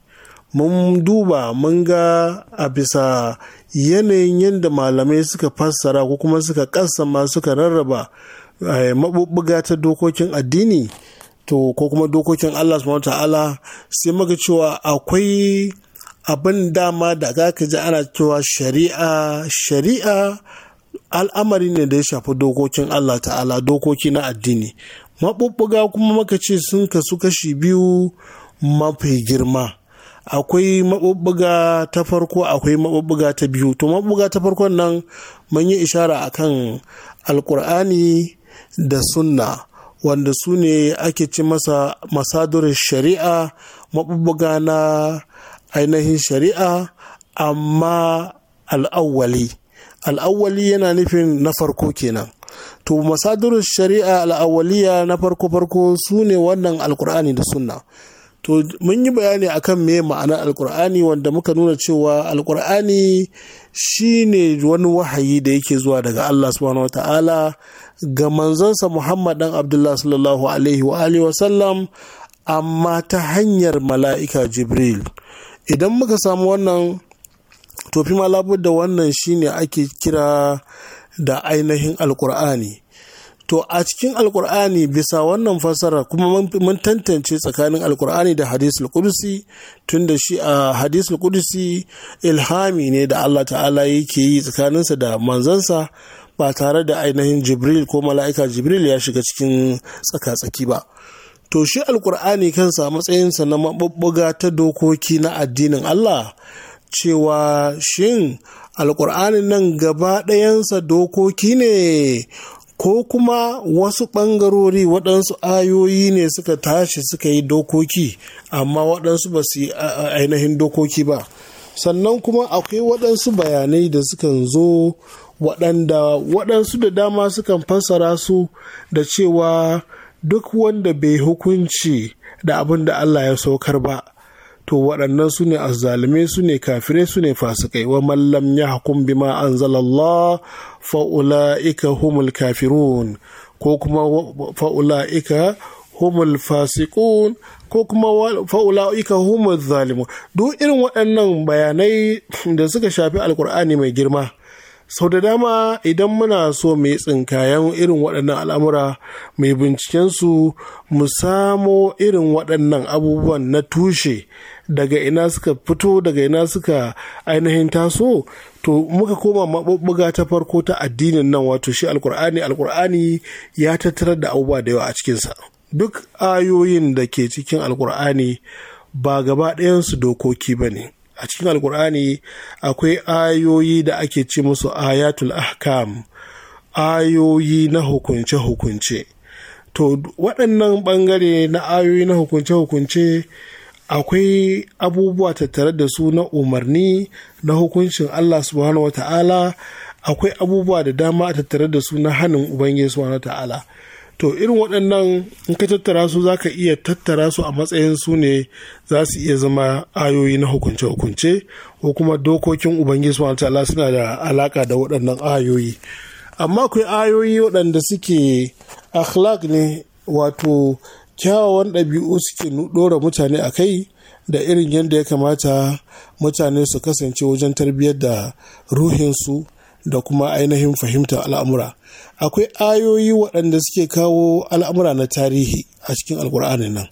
mun duba mun ga a bisa yanayin yadda malamai suka fassara ko kuma suka kassama suka rarraba eh, maɓuɓɓuga ta dokokin addini to ko kuma dokokin allah subhanahu ta'ala sai muka cewa akwai abin dama da ka ji ana cewa shari'a shari'a al'amari ne da ya shafi dokokin Allah ta'ala dokoki na addini maɓuɓɓuga kuma maka ce sun kasu kashi biyu mafi girma akwai maɓuɓɓuga ta farko akwai maɓuɓɓuga ta biyu to maɓuɓɓuga ta farkon nan mun yi ishara akan alkur'ani da sunna wanda su ne ake ci masa masadurin shari'a maɓuɓɓuga na ainihin shari'a amma al'awwali al'awwali yana nufin na farko kenan to masadurin shari'a al'awwaliya na farko farko su ne wannan alkur'ani da sunna to mun yi bayani akan me ma'anar alkur'ani wanda muka nuna cewa alkur'ani ne wani wahayi da yake zuwa daga Allah subhanahu wa ta'ala ga manzansa Muhammad dan Abdullah sallallahu alaihi wa alihi wa sallam amma ta hanyar mala'ika Jibril idan muka samu wannan to fi ma da wannan shine ake kira da ainihin alkur'ani to a cikin alkur'ani bisa wannan fasara kuma mun tantance tsakanin alkur'ani da hadisul Tunda tun da shi a hadisul ilhami ne da allah ta'ala yake yi tsakaninsa da manzansa ba tare da ainihin jibril ko mala'ika jibril ya shiga cikin tsaka-tsaki ba to shi alkur'ani kansa matsayinsa na mabubbuga ta dokoki na addinin allah cewa shin alkur'anin nan gaba ɗayansa dokoki ne ko kuma wasu ɓangarori waɗansu ayoyi ne suka tashi suka yi dokoki amma waɗansu ba su ainihin dokoki ba sannan kuma akwai waɗansu bayanai da sukan zo waɗanda waɗansu da dama sukan fassara su da cewa duk wanda bai hukunci da abin da Allah ya saukar ba to waɗannan su ne azzalume su ne kafire su ne fasikai wa mallam ya hukum bima anzalallah fa'ula'ika humul kafirun ko kuma fa'ula'ika humul fasikun ko kuma fa'ula'ika humul zalimu duk irin waɗannan bayanai da suka shafi alkur'ani mai girma sau da dama idan muna so mu yi tsinkayen irin waɗannan al'amura mai bincikensu mu samo irin waɗannan abubuwan na tushe daga ina suka fito daga ina suka ainihin taso to muka koma maɓuɓɓuga ta farko ta addinin nan wato shi alkur'ani alkur'ani ya tattara da abubuwa da yawa a cikinsa duk ayoyin da ke cikin alkur'ani ba gaba ɗayansu dokoki ba ne a cikin alkur'ani akwai ayoyi da ake ci musu ayatul ahkam ayoyi na hukunce-hukunce to waɗannan ɓangare na ayoyi na hukunce-hukunce akwai abubuwa tattare da su na umarni na hukuncin Allah subhanahu wa ta'ala akwai abubuwa da dama a tattare da su na hannun Ubangiji subhanahu wa ta'ala to irin waɗannan in ka tattara su za ka iya tattara su a matsayin su ne za su iya zama ayoyi na hukunce-hukunce ko kuma dokokin ubangiji subhanahu ta'ala suna da alaka da waɗannan ayoyi amma akwai ayoyi waɗanda suke akhlaq ne wato kyawawan ɗabi'u suke ɗora mutane a kai da irin yadda ya kamata mutane su kasance wajen tarbiyyar da ruhinsu da kuma ainihin fahimtar al'amura akwai ayoyi waɗanda suke kawo al'amura na tarihi a cikin alkur'ani nan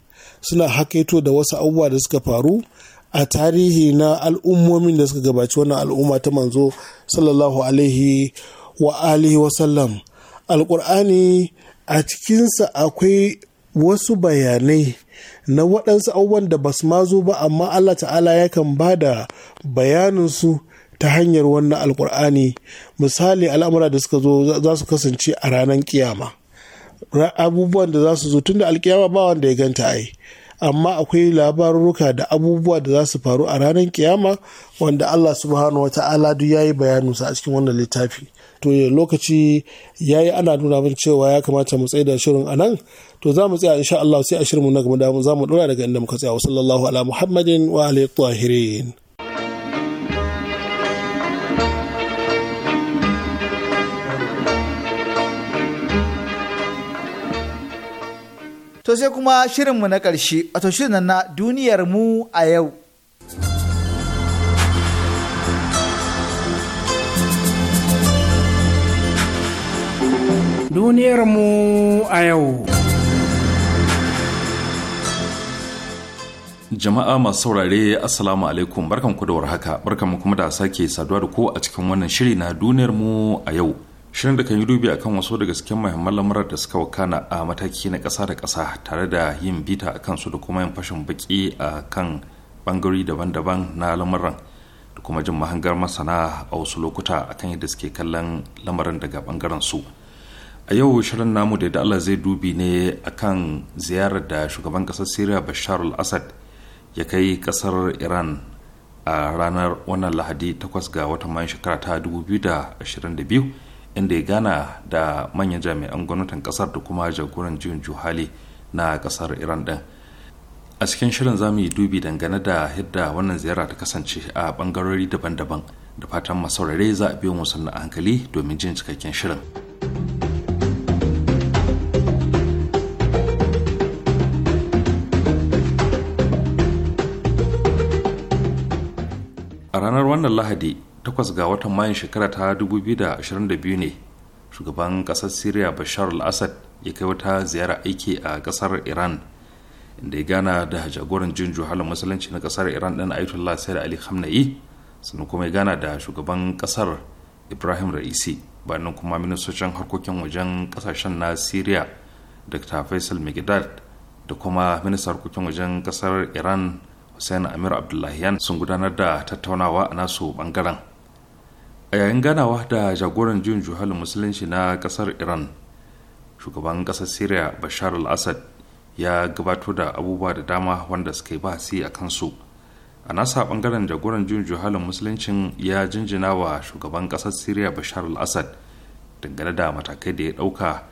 suna hakaito da wasu abubuwa da suka faru a tarihi na al'ummomin da suka gabaci wannan al'umma ta manzo sallallahu alaihi wa alihi wasallam alkur'ani a cikinsa akwai wasu bayanai na waɗansu abubuwan da ba su ma zo ba amma Allah ta'ala yakan ba da bayaninsu ta hanyar wannan alkur'ani misali al'amura da suka zo za su kasance a ranar kiyama abubuwan da za su zo tun da alkiyama ba wanda ya ganta ai amma akwai labaruruka da abubuwa da za su faru a ranar kiyama wanda Allah subhanahu wa ta'ala duk ya yi bayaninsa a cikin wannan littafi to lokaci ya yi ana nuna min cewa ya kamata mu da shirin a nan to za mu tsaya insha Allah sai a shirin na gaba za mu dora daga inda muka tsaya wa sallallahu ala muhammadin wa alihi tahirin To sai kuma shirinmu na ƙarshe, wato shirin na duniyar mu a yau. duniyar mu a yau. Jama'a masu saurare Assalamu alaikum barkanku da warhaka barkanku kuma da sake saduwa da ku a cikin wannan shiri na duniyar mu a yau. Shirin da kan yi dubi akan wasu daga cikin muhimman lamurar da suka wakana a mataki na ƙasa da ƙasa tare da yin bita a kansu da kuma yin fashin baki a kan bangarori daban-daban na lamuran. da kuma jin mahangar masana a wasu lokuta akan yadda suke kallon lamarin daga bangaren su a yau shirin namu da Allah zai dubi ne a kan ziyarar da shugaban kasar syria bashar al-assad ya kai kasar iran a ranar wannan lahadi 8 ga watan mayan shekara ta 2022 inda ya gana da manyan jami'an gwamnatin kasar da kuma jagoran jihun juhali na kasar iran din a cikin shirin za mu yi dubi dangane da yadda wannan ziyara ta kasance a bangarori daban-daban da fatan masaurare za a biyo musamman a hankali domin jin cikakken shirin. a ranar wannan lahadi 8 ga watan mayun shekara ta 2022 ne shugaban kasar syria bashar al-assad ya kai wata ziyara aiki a kasar iran inda ya gana da jagoran jin juhalin musulunci na kasar iran ɗan ayatollah sayyid ali khamenei sannan kuma ya gana da shugaban kasar ibrahim raisi bayan kuma ministocin harkokin wajen kasashen na syria dr faisal megidad da kuma ministan harkokin wajen kasar iran hussein amir abdullahiyan sun gudanar da tattaunawa a nasu bangaren a yayin ganawa da jagoran jin juhal musulunci na kasar iran shugaban kasar syria bashar al-assad ya gabato da abubuwa da dama wanda suka yi bahasi a kansu a nasa bangaren jagoran jin juhalin musuluncin ya jinjina wa shugaban kasar syria bashar al-assad dangane da matakai da ya dauka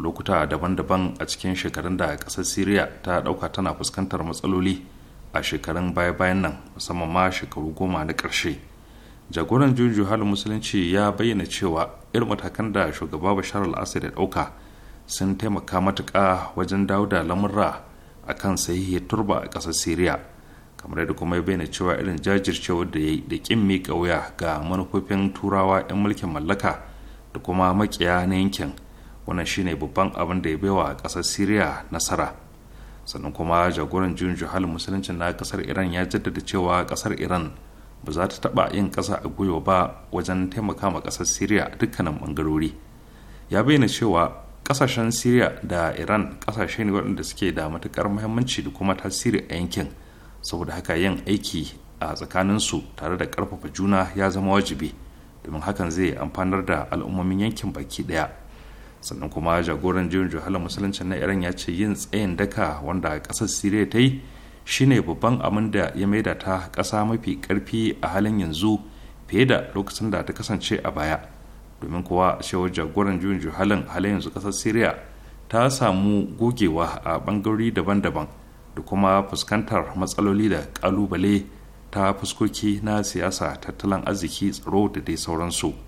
lokuta daban-daban a cikin shekarun da ƙasar syria ta ɗauka tana fuskantar matsaloli a shekarun baya-bayan nan musamman ma shekaru goma na ƙarshe jagoran juju halin musulunci ya bayyana cewa irin matakan da shugaba bashar al-assad ya ɗauka sun taimaka matuƙa wajen dawo da lamurra a kan sahihiyar turba a ƙasar syria kamar yadda kuma ya bayyana cewa irin jajircewar da ya yi da ƙin miƙa wuya ga manufofin turawa 'yan mulkin mallaka da kuma makiya na yankin wannan shine babban abin da ya baiwa ƙasar syria nasara sannan kuma jagoran juyin juhalin musulunci na kasar iran ya jaddada cewa kasar iran ba za ta taba yin kasa a gwiwa ba wajen taimaka ma kasar syria dukkanin bangarori ya bayyana cewa kasashen siriya da iran kasashe ne waɗanda suke da matukar muhimmanci da kuma tasiri a yankin saboda haka yin aiki a tsakaninsu tare da ƙarfafa juna ya zama wajibi domin hakan zai amfanar da al'ummomin yankin baki ɗaya. sannan kuma jagoran jiwon jihar musulunci na iran ya ce yin tsayin daka wanda kasar siriya ta yi shine babban abin da ya maida ta kasa mafi karfi a halin yanzu fiye da lokacin da ta kasance a baya domin kuwa cewar jagoran jiwon jihar halin yanzu kasar siriya ta samu gogewa a bangarori daban-daban da kuma fuskantar matsaloli da ƙalubale ta fuskoki na siyasa tattalin arziki tsaro da dai sauransu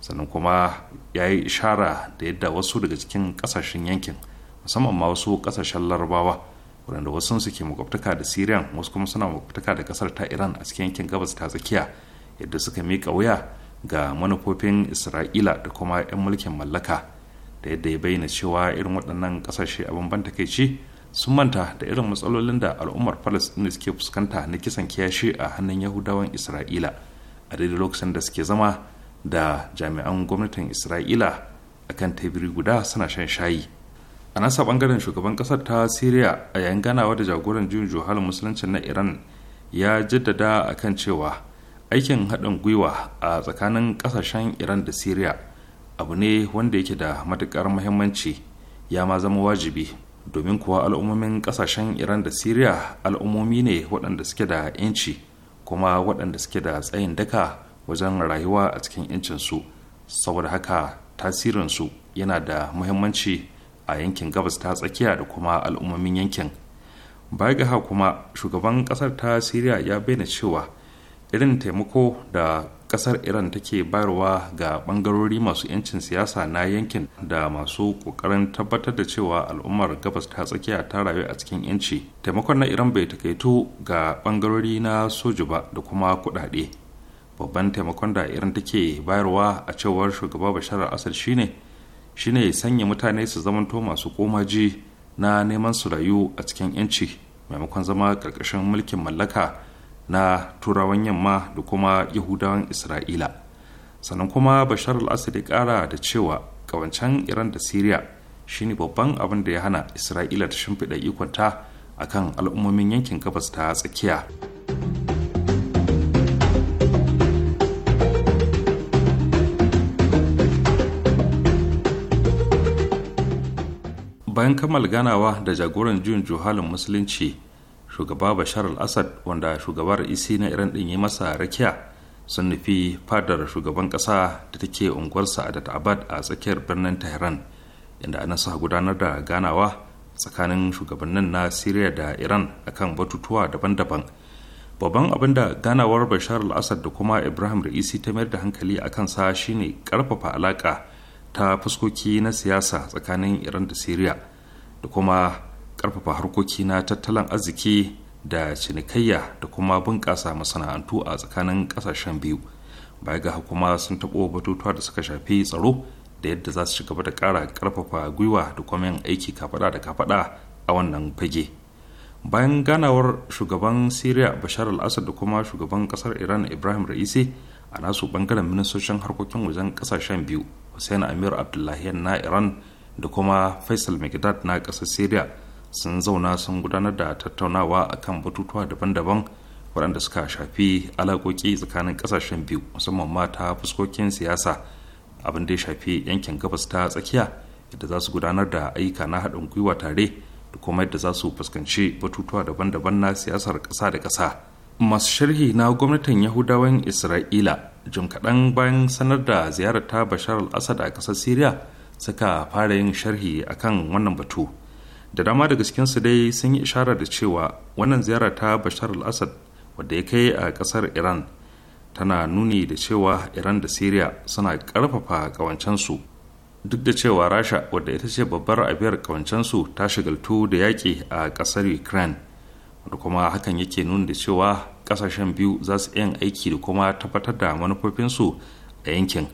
sannan kuma ya yi ishara da yadda wasu daga cikin kasashen yankin musamman ma wasu kasashen larabawa waɗanda wasu suke makwabtaka da syria wasu kuma suna makwabtaka da kasar ta iran a cikin yankin gabas ta tsakiya yadda suka miƙa wuya ga manufofin isra'ila da kuma 'yan mulkin mallaka da yadda ya bayyana cewa irin waɗannan kasashe abin ban takaici sun manta da irin matsalolin da al'ummar palestine suke fuskanta na kisan kiyashi a hannun yahudawan isra'ila a daidai lokacin da suke zama da jami'an gwamnatin isra'ila a kan tebiri guda suna shan shayi a nasa bangaren shugaban kasar ta syria a yayin ganawa da jagoran juyin juhalin musulunci na iran ya jaddada a kan cewa aikin haɗin gwiwa a tsakanin ƙasashen iran da syria abu ne wanda yake da matuƙar muhimmanci ya ma zama wajibi domin kuwa al'ummomin ƙasashen iran da syria al'ummomi ne waɗanda suke da 'yanci kuma waɗanda suke da tsayin daka wajen rayuwa a cikin 'yancinsu saboda haka tasirinsu yana da muhimmanci a yankin gabas ta tsakiya da kuma al'ummomin yankin baya ga kuma shugaban kasar ta siriya ya bayyana cewa irin taimako da kasar iran take bayarwa ga bangarori masu 'yancin siyasa na yankin da masu kokarin tabbatar da cewa al'ummar gabas ta tsakiya ta rayu a cikin 'yanci taimakon na iran bai takaitu ga bangarori na soji ba da kuma kudade babban taimakon da iran take bayarwa a cewar shugaba bashar al-assad shine shine sanya mutane su zamanto masu komaji na neman su rayu a cikin yanci maimakon zama karkashin mulkin mallaka na turawan yamma da kuma yahudawan isra'ila sannan kuma bashar al-assad ya kara da cewa ƙawancen iran da syria shine babban abin da ya hana isra'ila ta shimfiɗa ikonta akan al'ummomin yankin gabas ta tsakiya. bayan kammala ganawa da jagoran juyin juhalin musulunci shugaba bashar al-assad wanda shugabar isi na iran din ya masa rakiya sun nufi fadar shugaban kasa da take unguwar da abad a tsakiyar birnin tehran inda ana sa gudanar da ganawa tsakanin shugabannin na syria da iran akan batutuwa daban-daban babban abin da ganawar bashar al-assad da kuma ibrahim ra'isi ta mayar da hankali a kansa shine karfafa alaka ta fuskoki na siyasa tsakanin iran da siriya da kuma karfafa harkoki na tattalin arziki da cinikayya da kuma bunƙasa masana'antu a tsakanin ƙasashen biyu baya ga hukuma sun taɓo batutuwa da suka shafi tsaro da yadda za su ci gaba da ƙara ƙarfafa gwiwa da kuma yin aiki kafaɗa da kafaɗa a wannan fage bayan ganawar shugaban siriya bashar al-assad da kuma shugaban ƙasar iran ibrahim ra'isi a nasu ɓangaren ministocin harkokin wajen ƙasashen biyu hussein amir abdullahian na iran da kuma faisal mcdad na ƙasar syria sun zauna sun gudanar da tattaunawa a kan batutuwa daban-daban waɗanda suka shafi alaƙoƙi tsakanin ƙasashen biyu musamman mata fuskokin siyasa abin da ya shafi yankin gabas ta tsakiya yadda za su gudanar da ayyuka na haɗin gwiwa tare da kuma yadda za su fuskanci batutuwa daban-daban na siyasar ƙasa da ƙasa masu sharhi na gwamnatin yahudawan isra'ila jim kaɗan bayan sanar da ziyarar ta bashar al-assad a ƙasar syria suka fara yin sharhi akan wannan batu da dama daga cikinsu dai sun yi ishara da cewa wannan ziyarar ta bashar al-assad wadda ya kai a ƙasar iran tana nuni da cewa iran da syria suna ƙarfafa ƙawancensu duk da cewa rasha wadda ita ce babbar abiyar ƙawancensu ta shigaltu da yaƙi a ƙasar ukraine da kuma hakan yake nuna da cewa kasashen biyu za su yin aiki da kuma tabbatar da manufofinsu a yankin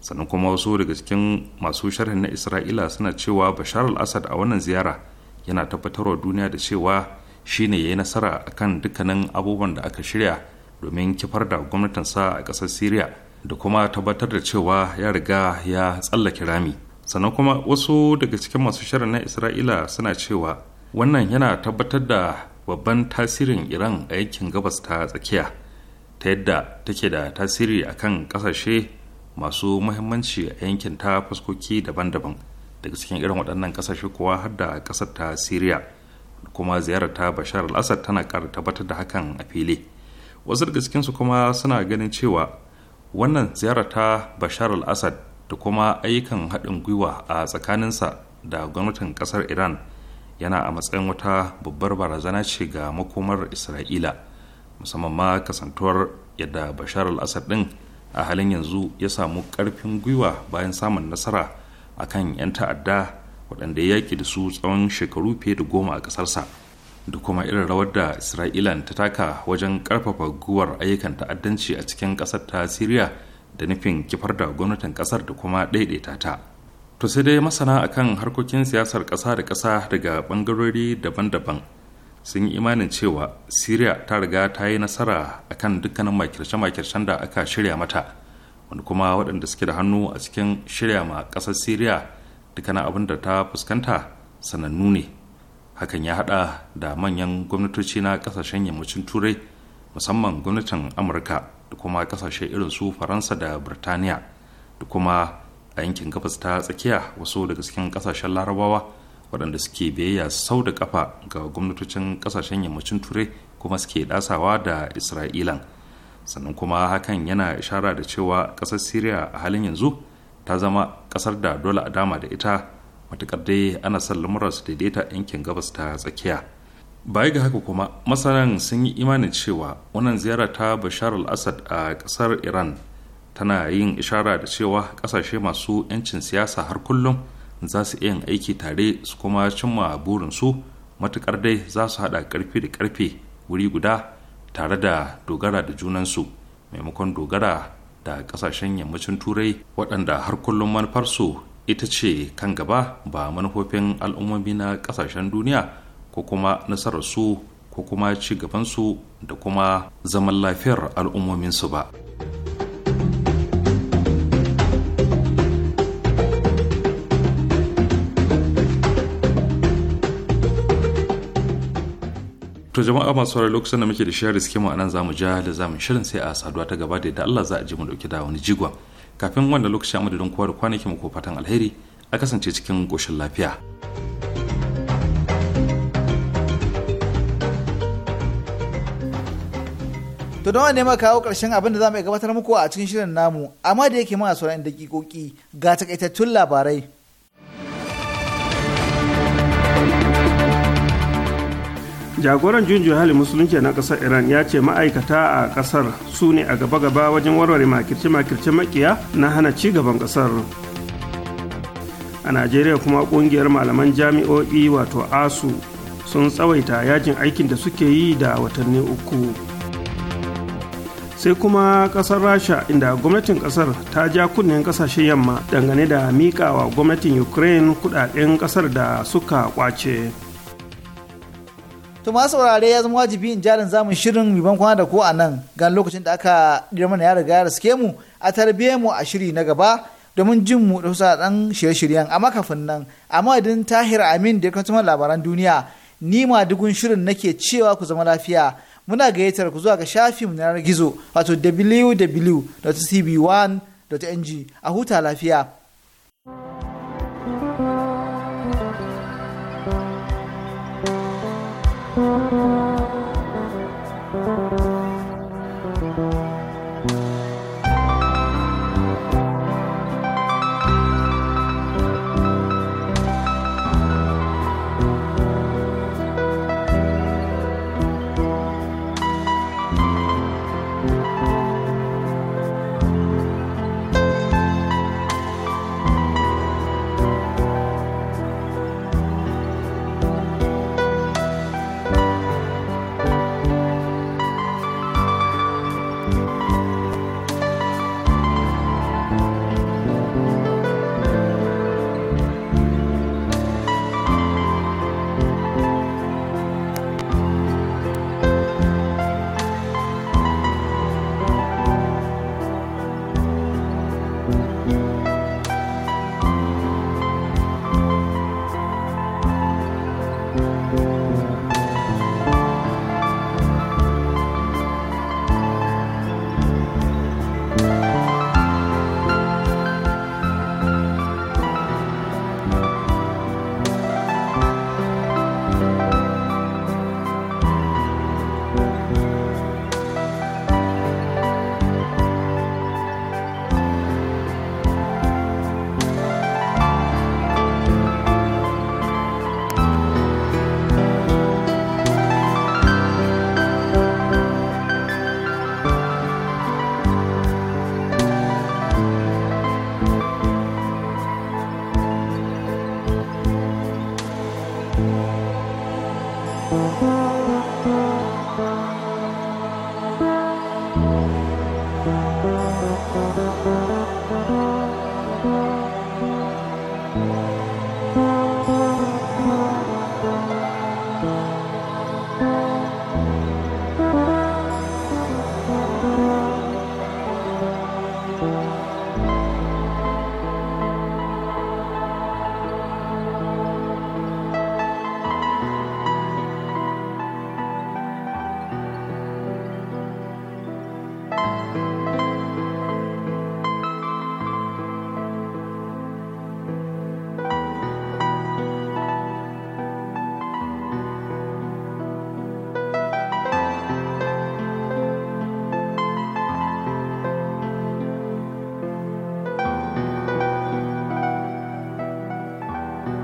sannan kuma wasu daga cikin masu sharhin na isra'ila suna cewa bashar al-assad a wannan ziyara yana tabbatar wa duniya da cewa shine ya yi nasara kan dukkanin abubuwan da aka shirya domin kifar da gwamnatinsa a ƙasar syria da kuma tabbatar da cewa ya riga ya tsallake rami sannan kuma wasu daga cikin masu shirin na isra'ila suna cewa wannan yana tabbatar da babban tasirin iran a yankin gabas ta tsakiya ta yadda take da tasiri a kan kasashe masu muhimmanci a yankin ta fuskoki daban-daban daga cikin irin waɗannan kasashe kuwa har da ƙasar ta siriya kuma ziyarar ta bashar al-assad tana ƙara tabbatar da hakan a fili wasu daga cikinsu kuma suna ganin cewa wannan ziyarar ta bashar al-assad da kuma ayyukan haɗin gwiwa a tsakaninsa da gwamnatin ƙasar iran yana a matsayin wata babbar barazana ce ga makomar isra'ila musamman ma kasantuwar yadda bashar al-assad din a halin yanzu ya samu karfin gwiwa bayan samun nasara a kan 'yan ta'adda waɗanda ya yaƙi da su tsawon shekaru fiye da goma a ƙasarsa da kuma irin rawar da isra'ila ta taka wajen ƙarfafa guwar ayyukan ta'addanci a cikin ƙasar ta siriya da nufin kifar da gwamnatin ƙasar da kuma ɗaiɗaita ta to sai dai masana akan harkokin siyasar ƙasa da ƙasa daga ɓangarori daban-daban sun yi imanin cewa syria ta riga ta yi nasara akan dukkanin makirce-makircen da aka shirya mata wanda kuma waɗanda suke da hannu a cikin shirya ma ƙasar syria dukkanin abin da ta fuskanta sanannu ne hakan ya haɗa da manyan gwamnatoci na ƙasashen yammacin turai musamman gwamnatin amurka da kuma ƙasashe irin su faransa da birtaniya da kuma a yankin gabas ta tsakiya wasu daga cikin kasashen larabawa waɗanda suke biyayya sau da kafa ga gwamnatocin kasashen yammacin turai kuma suke dasawa da isra'ilan sannan kuma hakan yana ishara da cewa ƙasar syria a halin yanzu ta zama ƙasar da dole a dama da ita matuƙar dai ana son lamura su daidaita yankin gabas ta tsakiya baya ga haka kuma masanan sun yi imanin cewa wannan ziyara ta bashar al-assad a ƙasar iran tana yin ishara da cewa kasashe masu 'yancin siyasa har kullum za su iya yin aiki tare su kuma cimma burinsu matukar dai za su haɗa ƙarfe da karfe wuri guda tare da dogara da junansu maimakon dogara da ƙasashen yammacin turai waɗanda har kullum manufarsu ita ce kan gaba ba manufofin al'ummomi na ƙasashen duniya ko kuma nasararsu ko kuma ci gabansu da kuma zaman lafiyar al'ummominsu ba. to jama'a masu saurari lokacin da muke da shi riske mu anan zamu ja da zamu shirin sai a saduwa ta gaba da yadda Allah za a ji mu dauki da wani jigon kafin wannan lokacin amma da don kowa kwanaki mu ko fatan alheri a kasance cikin goshin lafiya. To don wani ma kawo karshen abin da zamu mu gabatar muku a cikin shirin namu, amma da yake mana sauran dakikoki ga takaitattun labarai. jagoran junjiyar hali musulunci na kasar iran ya ce ma'aikata a kasar su ne a gaba-gaba wajen warware makirce-makirce makiya na hana ci gaban kasar a najeriya kuma kungiyar malaman jami'o'i wato asu sun tsawaita yajin aikin da suke yi da watanni uku sai kuma kasar rasha inda gwamnatin kasar ta ja kunnen kasashen yamma dangane da miƙawa gwamnatin ukraine kudaden kasar da suka kwace. to masu saurare ya zama wajibi in jarin zamun shirin ban kwana da ko a nan ga lokacin da aka ɗira mana ya riga ya mu a tarbiyyar mu a shiri na gaba domin jin mu da wasu ɗan shirye-shiryen amma kafin nan amma idan tahir amin da ya kwantumar labaran duniya ni ma dugun shirin nake cewa ku zama lafiya muna gayyatar ku zuwa ga shafin na gizo wato www.cb1.ng a huta lafiya.